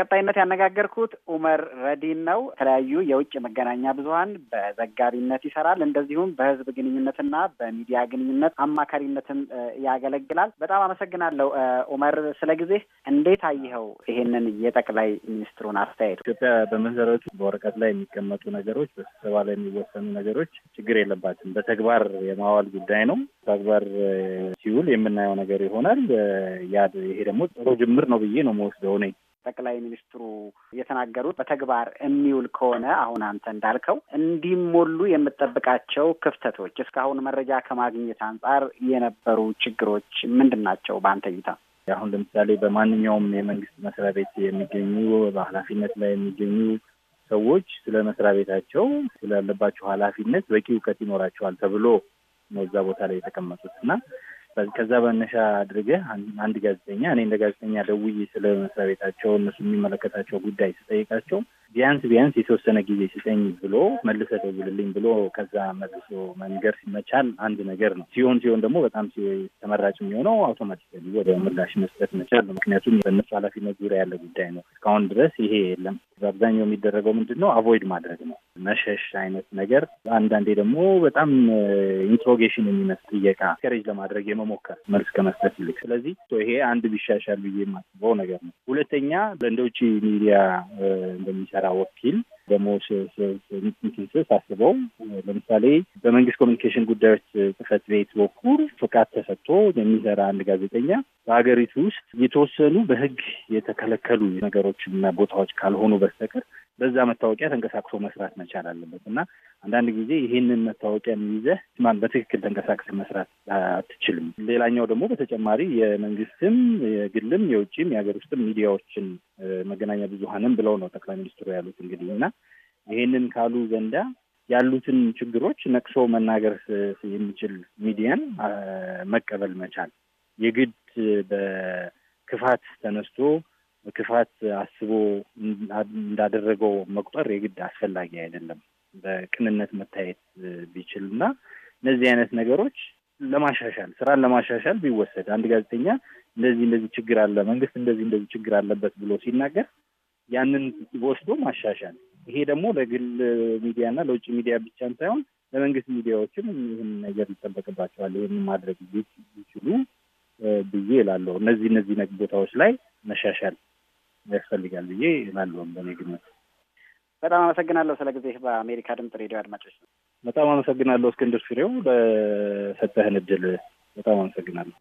በቀጣይነት ያነጋገርኩት ኡመር ረዲን ነው። የተለያዩ የውጭ መገናኛ ብዙኃን በዘጋቢነት ይሰራል። እንደዚሁም በህዝብ ግንኙነትና በሚዲያ ግንኙነት አማካሪነትም ያገለግላል። በጣም አመሰግናለሁ ኡመር ስለ ጊዜ። እንዴት አየኸው ይሄንን የጠቅላይ ሚኒስትሩን አስተያየት? ኢትዮጵያ በመሰረቱ በወረቀት ላይ የሚቀመጡ ነገሮች፣ በስብሰባ ላይ የሚወሰኑ ነገሮች ችግር የለባትም። በተግባር የማዋል ጉዳይ ነው። ተግባር ሲውል የምናየው ነገር ይሆናል። ያ ይሄ ደግሞ ጥሩ ጅምር ነው ብዬ ነው መወስደው ነኝ ጠቅላይ ሚኒስትሩ የተናገሩት በተግባር የሚውል ከሆነ አሁን አንተ እንዳልከው እንዲሞሉ የምጠብቃቸው ክፍተቶች እስካሁን መረጃ ከማግኘት አንጻር የነበሩ ችግሮች ምንድን ናቸው በአንተ እይታ? አሁን ለምሳሌ በማንኛውም የመንግስት መስሪያ ቤት የሚገኙ በኃላፊነት ላይ የሚገኙ ሰዎች ስለ መስሪያ ቤታቸው ስላለባቸው ኃላፊነት በቂ እውቀት ይኖራቸዋል ተብሎ ነው እዛ ቦታ ላይ የተቀመጡት እና ከዛ በመነሻ አድርገህ አንድ ጋዜጠኛ እኔ እንደ ጋዜጠኛ ደውዬ ስለ መስሪያ ቤታቸው እነሱ የሚመለከታቸው ጉዳይ ስጠይቃቸው ቢያንስ ቢያንስ የተወሰነ ጊዜ ስጠኝ ብሎ መልሰ ደውልልኝ ብሎ ከዛ መልሶ መንገር ሲመቻል አንድ ነገር ነው። ሲሆን ሲሆን ደግሞ በጣም ተመራጭ የሚሆነው አውቶማቲካሊ ወደ ምላሽ መስጠት መቻል ነው። ምክንያቱም በእነሱ ኃላፊነት ዙሪያ ያለ ጉዳይ ነው። እስካሁን ድረስ ይሄ የለም። በአብዛኛው የሚደረገው ምንድን ነው? አቮይድ ማድረግ ነው። መሸሽ አይነት ነገር፣ አንዳንዴ ደግሞ በጣም ኢንትሮጌሽን የሚመስል ጥየቃ ከሬጅ ለማድረግ የመሞከር መልስ ከመስጠት ይልቅ፣ ስለዚህ ይሄ አንድ ቢሻሻል ብዬ የማስበው ነገር ነው። ሁለተኛ እንደ ውጭ ሚዲያ እንደሚሰራ ወኪል ደግሞ ሳስበው ለምሳሌ በመንግስት ኮሚኒኬሽን ጉዳዮች ጽህፈት ቤት በኩል ፍቃድ ተሰጥቶ የሚሰራ አንድ ጋዜጠኛ በሀገሪቱ ውስጥ የተወሰኑ በህግ የተከለከሉ ነገሮችና ቦታዎች ካልሆኑ በስተቀር በዛ መታወቂያ ተንቀሳቅሶ መስራት መቻል አለበት እና አንዳንድ ጊዜ ይህንን መታወቂያ ይዘህ ማን በትክክል ተንቀሳቅስ መስራት አትችልም። ሌላኛው ደግሞ በተጨማሪ የመንግስትም የግልም የውጭም የሀገር ውስጥም ሚዲያዎችን መገናኛ ብዙሀንም ብለው ነው ጠቅላይ ሚኒስትሩ ያሉት እንግዲህ እና ይህንን ካሉ ዘንዳ ያሉትን ችግሮች ነቅሶ መናገር የሚችል ሚዲያን መቀበል መቻል የግድ በክፋት ተነስቶ ክፋት አስቦ እንዳደረገው መቁጠር የግድ አስፈላጊ አይደለም። በቅንነት መታየት ቢችል እና እነዚህ አይነት ነገሮች ለማሻሻል ስራን ለማሻሻል ቢወሰድ አንድ ጋዜጠኛ እንደዚህ እንደዚህ ችግር አለ፣ መንግስት እንደዚህ እንደዚህ ችግር አለበት ብሎ ሲናገር ያንን ወስዶ ማሻሻል። ይሄ ደግሞ ለግል ሚዲያና ለውጭ ሚዲያ ብቻን ሳይሆን ለመንግስት ሚዲያዎችም ይህን ነገር ይጠበቅባቸዋል። ይህን ማድረግ ይችሉ ብዬ እላለሁ። እነዚህ እነዚህ ቦታዎች ላይ መሻሻል ያስፈልጋል ብዬ ላለውም በእኔ ግምት። በጣም አመሰግናለሁ ስለ ጊዜ በአሜሪካ ድምጽ ሬዲዮ አድማጮች። በጣም አመሰግናለሁ እስክንድር ፍሬው ለሰጠህን እድል በጣም አመሰግናለሁ።